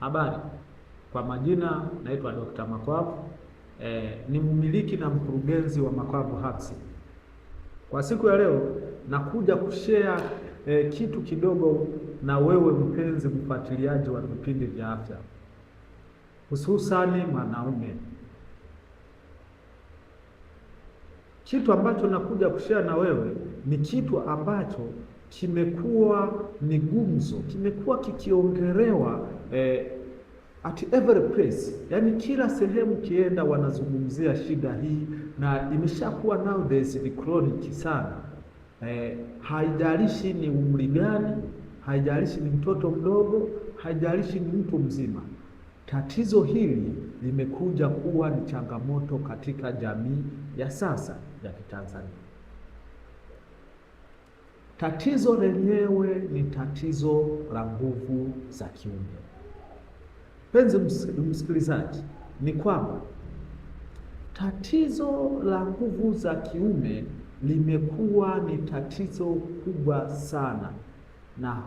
Habari, kwa majina naitwa Dr. Makwavu. E, ni mmiliki na mkurugenzi wa Makwavu Herbs. Kwa siku ya leo nakuja kushea e, kitu kidogo na wewe mpenzi mfuatiliaji wa vipindi vya afya, hususani mwanaume. Kitu ambacho nakuja kushea na wewe ni kitu ambacho kimekuwa ni gumzo, kimekuwa kikiongelewa eh, at every place, yani kila sehemu kienda wanazungumzia shida hii, na imeshakuwa nowadays ni chronic sana eh, haijalishi ni umri gani, haijalishi ni mtoto mdogo, haijalishi ni mtu mzima, tatizo hili limekuja kuwa ni changamoto katika jamii ya sasa ya Kitanzania. Tatizo lenyewe ni tatizo la nguvu za kiume. Mpenzi msikilizaji, ni kwamba tatizo la nguvu za kiume limekuwa ni tatizo kubwa sana na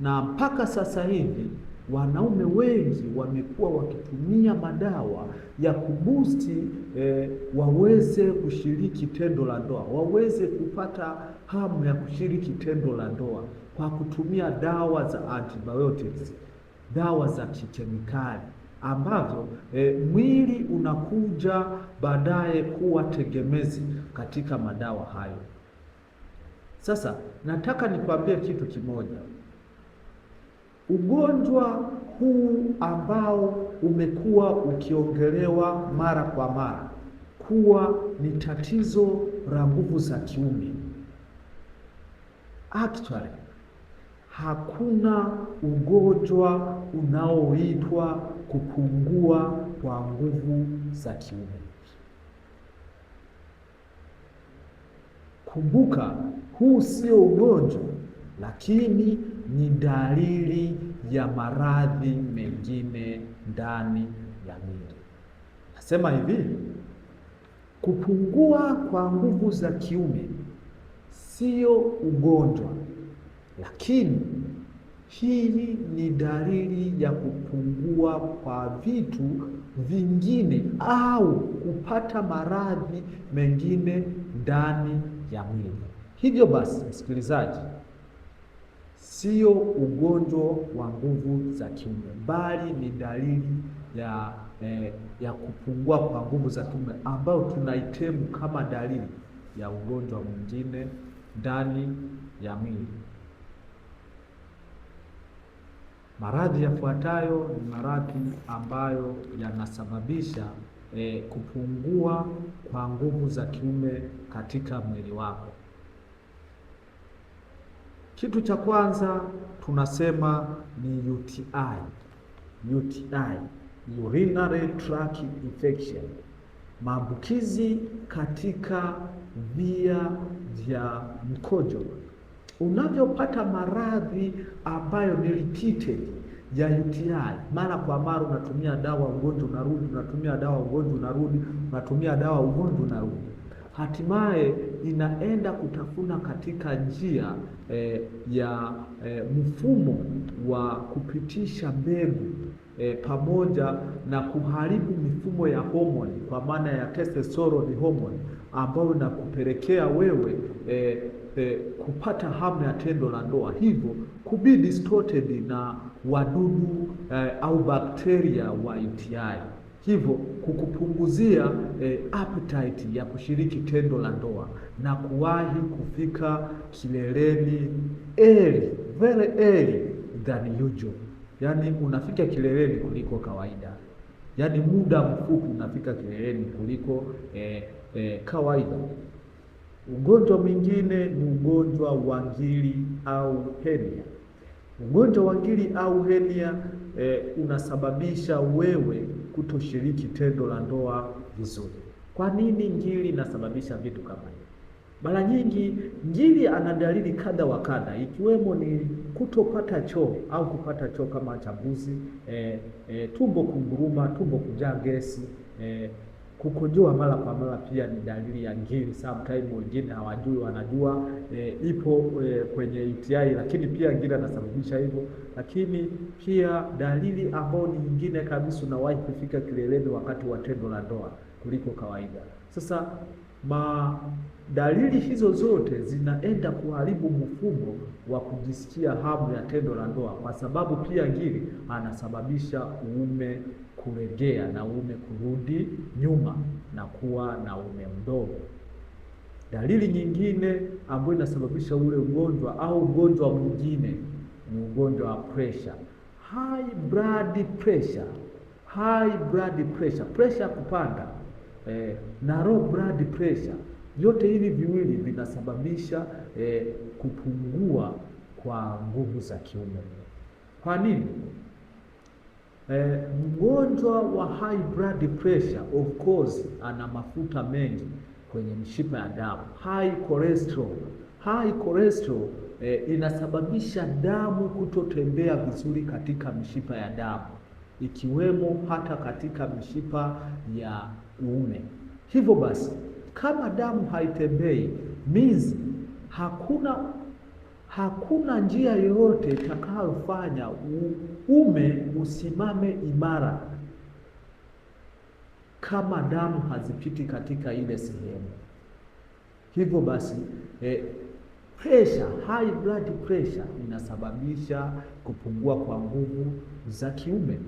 na mpaka sasa hivi wanaume wengi wamekuwa wakitumia madawa ya kubusti eh, waweze kushiriki tendo la ndoa, waweze kupata hamu ya kushiriki tendo la ndoa kwa kutumia dawa za antibiotics, dawa za kikemikali ambazo e, mwili unakuja baadaye kuwa tegemezi katika madawa hayo. Sasa nataka nikwambie kitu kimoja. Ugonjwa huu ambao umekuwa ukiongelewa mara kwa mara kuwa ni tatizo la nguvu za kiume, actually hakuna ugonjwa unaoitwa kupungua kwa nguvu za kiume. Kumbuka, huu sio ugonjwa lakini ni dalili ya maradhi mengine ndani ya mwili. Nasema hivi, kupungua kwa nguvu za kiume sio ugonjwa, lakini hii ni dalili ya kupungua kwa vitu vingine au kupata maradhi mengine ndani ya mwili. Hivyo basi, msikilizaji sio ugonjwa wa nguvu za kiume, bali ni dalili ya eh, ya kupungua kwa nguvu za kiume ambayo tunaitemu kama dalili ya ugonjwa mwingine ndani ya mwili. Maradhi yafuatayo ni maradhi ambayo yanasababisha eh, kupungua kwa nguvu za kiume katika mwili wako. Kitu cha kwanza tunasema ni UTI. UTI, urinary tract infection, maambukizi katika via vya mkojo. Unavyopata maradhi ambayo ni repeated ya UTI, mara kwa mara unatumia dawa, ugonjwa unarudi, unatumia dawa, ugonjwa unarudi, unatumia dawa, ugonjwa unarudi hatimaye inaenda kutafuna katika njia eh, ya eh, mfumo wa kupitisha mbegu eh, pamoja na kuharibu mifumo ya homoni kwa maana ya testosterone homoni ambayo inakupelekea wewe eh, eh, kupata hamu ya tendo la ndoa, hivyo kubidi distorted na wadudu eh, au bakteria wa UTI hivyo kukupunguzia e, appetite ya kushiriki tendo la ndoa na kuwahi kufika kileleni early, very early than usual. Yani unafika kileleni kuliko kawaida, yani muda mfupi unafika kileleni kuliko e, e, kawaida. Ugonjwa mwingine ni ugonjwa wa ngiri au henia Ugonjwa wa ngiri au henia e, unasababisha wewe kutoshiriki tendo la ndoa vizuri. Kwa nini ngiri inasababisha vitu kama hivi? Mara nyingi ngiri ana dalili kadha wa kadha, ikiwemo ni kutopata choo au kupata choo kama cha mbuzi, e, eh, e, eh, tumbo kunguruma, tumbo kujaa gesi e, Kukojoa mara kwa mara pia ni dalili ya ngiri. Sometimes wengine hawajui, wanajua e, ipo e, kwenye UTI, lakini pia ngiri anasababisha hivyo. Lakini pia dalili ambayo ni nyingine kabisa, unawahi kufika kileleni wakati wa tendo la ndoa kuliko kawaida. Sasa ma dalili hizo zote zinaenda kuharibu mfumo wa kujisikia hamu ya tendo la ndoa, kwa sababu pia ngiri anasababisha uume kurejea na uume kurudi nyuma na kuwa na uume mdogo. Dalili nyingine ambayo inasababisha ule ugonjwa au ugonjwa mwingine ni ugonjwa wa pressure, high blood pressure, high blood pressure, pressure ya kupanda eh, na low blood pressure. Vyote hivi viwili vinasababisha eh, kupungua kwa nguvu za kiume. Kwa nini? Eh, mgonjwa wa high blood pressure of course ana mafuta mengi kwenye mishipa ya damu, high cholesterol. High cholesterol eh, inasababisha damu kutotembea vizuri katika mishipa ya damu ikiwemo hata katika mishipa ya uume. Hivyo basi, kama damu haitembei means hakuna Hakuna njia yoyote itakayofanya uume usimame imara kama damu hazipiti katika ile sehemu. Hivyo basi eh, pressure, high blood pressure inasababisha kupungua kwa nguvu za kiume.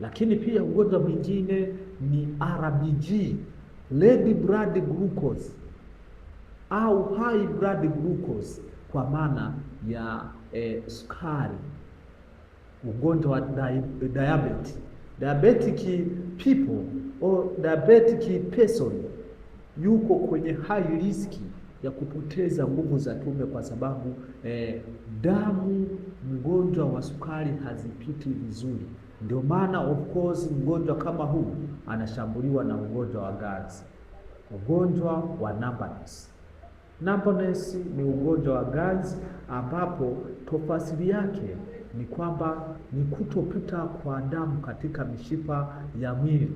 Lakini pia ugonjwa mwingine ni RBG, red blood glucose au high blood glucose kwa maana ya eh, sukari, ugonjwa wa di diabetes. Diabetic people or diabetic person yuko kwenye high risk ya kupoteza nguvu za kiume kwa sababu eh, damu mgonjwa wa sukari hazipiti vizuri. Ndio maana of course mgonjwa kama huu anashambuliwa na ugonjwa wa gazi ugonjwa wa numbness. Numbness ni ugonjwa wa ganzi ambapo tofasili yake ni kwamba ni kutopita kwa damu katika mishipa ya mwili,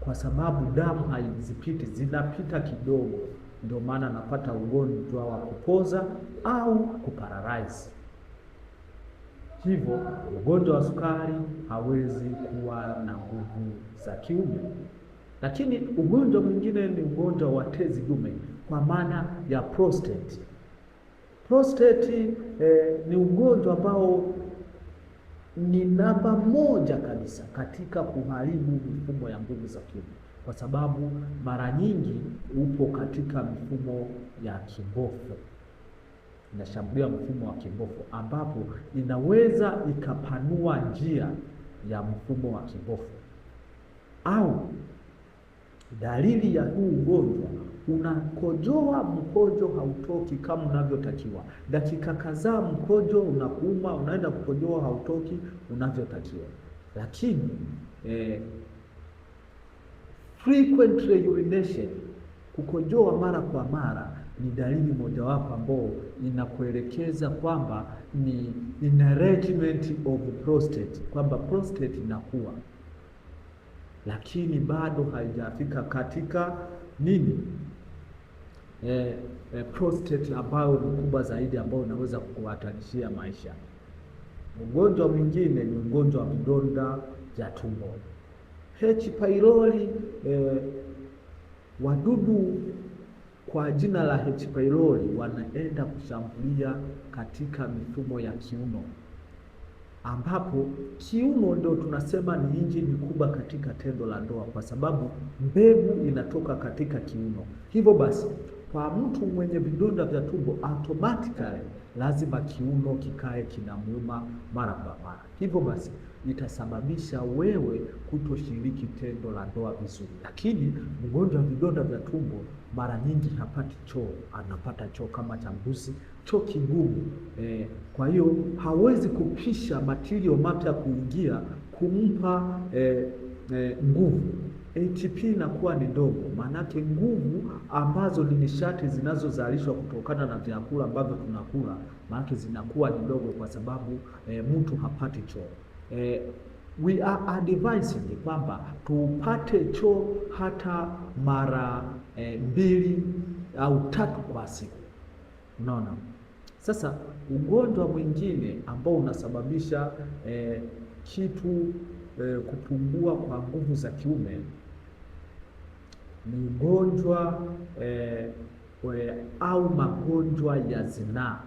kwa sababu damu haizipiti, zinapita kidogo, ndio maana anapata ugonjwa wa kupoza au kuparalize. Hivyo ugonjwa wa sukari hawezi kuwa na nguvu za kiume. Lakini ugonjwa mwingine ni ugonjwa wa tezi dume kwa maana ya prostate. Prostate eh, ni ugonjwa ambao ni namba moja kabisa katika kuharibu mifumo ya nguvu za kiume, kwa sababu mara nyingi upo katika mifumo ya kibofu, inashambulia mfumo wa kibofu, ambapo inaweza ikapanua njia ya mfumo wa kibofu au dalili ya huu ugonjwa unakojoa, mkojo hautoki kama unavyotakiwa. Dakika kadhaa mkojo unakuuma, unaenda kukojoa, hautoki unavyotakiwa. Lakini eh, frequent urination, kukojoa mara kwa mara ni dalili mojawapo ambao inakuelekeza kwamba ni enlargement of prostate, kwamba prostate inakuwa lakini bado haijafika katika nini e, e, prostate ambayo ni kubwa zaidi ambayo unaweza kukuhatarishia maisha. Ugonjwa mwingine ni ugonjwa wa vidonda vya tumbo H pylori e, wadudu kwa jina la H pylori wanaenda kushambulia katika mifumo ya kiuno ambapo kiuno ndio tunasema ni injini kubwa katika tendo la ndoa, kwa sababu mbegu inatoka katika kiuno. Hivyo basi, kwa mtu mwenye vidonda vya tumbo automatically lazima kiuno kikae kinamuuma mara kwa mara. Hivyo basi itasababisha wewe kutoshiriki tendo la ndoa vizuri. Lakini mgonjwa wa vidonda vya tumbo mara nyingi hapati choo, anapata choo kama cha mbuzi choki ngumu eh. Kwa hiyo hawezi kupisha matirio mapya kuingia kumpa eh, eh, nguvu. ATP inakuwa ni ndogo, maanake nguvu ambazo ni nishati zinazozalishwa kutokana na vyakula ambavyo tunakula, maanake zinakuwa ni ndogo kwa sababu eh, mtu hapati choo eh, we are advising kwamba tupate choo hata mara eh, mbili au tatu kwa siku, unaona. Sasa ugonjwa mwingine ambao unasababisha eh, kitu eh, kupungua kwa nguvu za kiume ni ugonjwa eh, au magonjwa ya zinaa,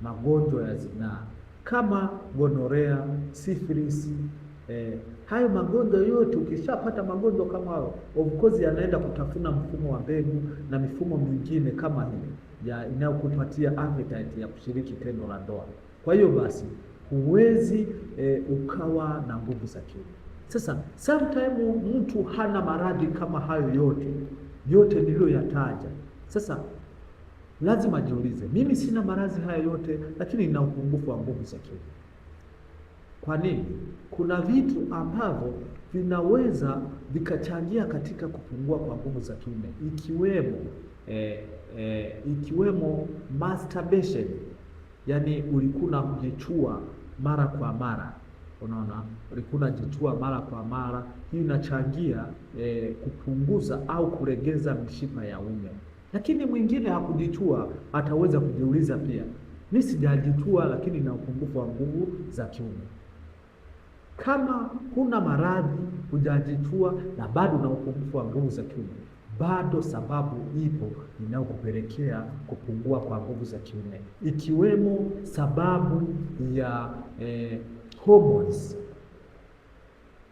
magonjwa ya zinaa kama gonorea, syphilis eh, hayo magonjwa yote, ukishapata magonjwa kama hayo, of course yanaenda kutafuna mfumo wa mbegu na mifumo mingine kama hiyo ya inayokupatia appetite ya kushiriki tendo la ndoa. Kwa hiyo basi huwezi e, ukawa na nguvu za kiume. Sasa sometimes mtu hana maradhi kama hayo yote yote niliyoyataja. Sasa lazima jiulize mimi sina maradhi haya yote lakini nina upungufu wa nguvu za kiume. Kwa nini? Kuna vitu ambavyo vinaweza vikachangia katika kupungua kwa nguvu za kiume ikiwemo eh, e, ikiwemo masturbation, yani ulikuna kujichua mara kwa mara Unaona, ulikuna jichua mara kwa mara. Hii inachangia e, kupunguza au kuregeza mishipa ya ume. Lakini mwingine hakujichua, ataweza kujiuliza pia, mimi sijajichua, lakini na upungufu wa nguvu za kiume. Kama huna maradhi, hujajichua na bado na upungufu wa nguvu za kiume, bado sababu ipo inayokupelekea kupungua kwa nguvu za kiume, ikiwemo sababu ya eh, hormones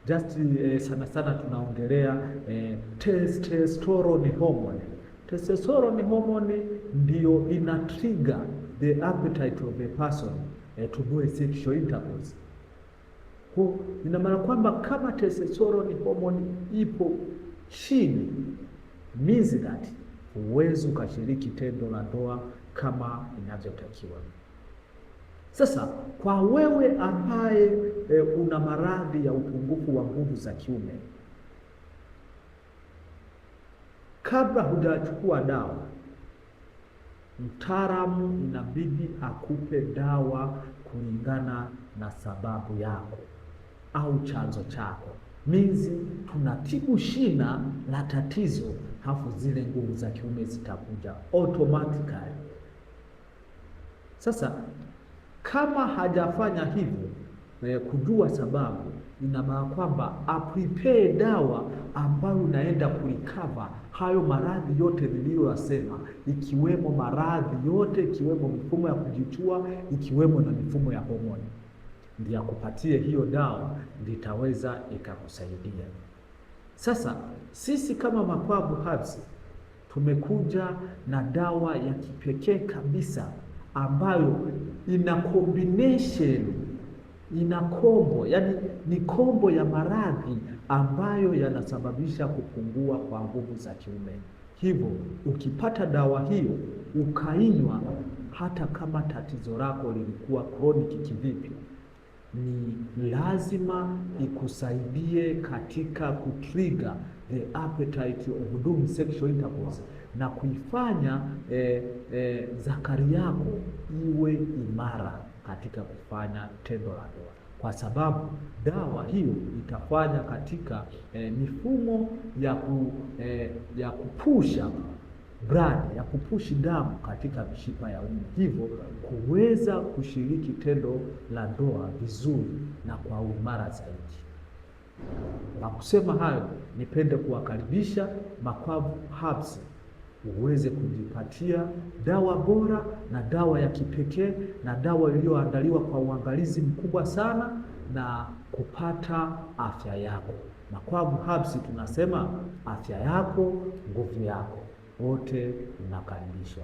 just eh, sana sana tunaongelea eh, testosterone hormone. Testosterone hormone ndio ina trigger the appetite of a person eh, to do a sexual intercourse. Ina maana kwamba kama testosterone hormone ipo chini means that huwezi ukashiriki tendo la ndoa kama inavyotakiwa. Sasa kwa wewe ambaye e, una maradhi ya upungufu wa nguvu za kiume, kabla hujachukua dawa, mtaalamu inabidi akupe dawa kulingana na sababu yako au chanzo chako means tunatibu shina la tatizo, hafu zile nguvu za kiume zitakuja automatically. Sasa kama hajafanya hivyo na kujua sababu, ina maana kwamba aprepare dawa ambayo unaenda kulikava hayo maradhi yote niliyoyasema, ikiwemo maradhi yote, ikiwemo mifumo ya kujichua, ikiwemo na mifumo ya homoni ya kupatie hiyo dawa litaweza ikakusaidia. Sasa sisi kama Makwabu Herbs tumekuja na dawa ya kipekee kabisa ambayo ina combination, ina kombo, yani ni kombo ya maradhi ambayo yanasababisha kupungua kwa nguvu za kiume. Hivyo ukipata dawa hiyo ukainywa, hata kama tatizo lako lilikuwa kroniki kivipi ni lazima ikusaidie katika kutriga the appetite of doing sexual intercourse na kuifanya eh, eh, zakari yako iwe imara katika kufanya tendo la ndoa, kwa sababu dawa hiyo itafanya katika eh, mifumo ya, ku, eh, ya kupusha brada ya kupushi damu katika mishipa ya ume, hivyo kuweza kushiriki tendo la ndoa vizuri na kwa uimara zaidi. Kwa kusema hayo, nipende kuwakaribisha makwavu Herbs uweze kujipatia dawa bora na dawa ya kipekee na dawa iliyoandaliwa kwa uangalizi mkubwa sana na kupata afya yako. makwavu Herbs tunasema afya yako, nguvu yako wote mnakaribishwa.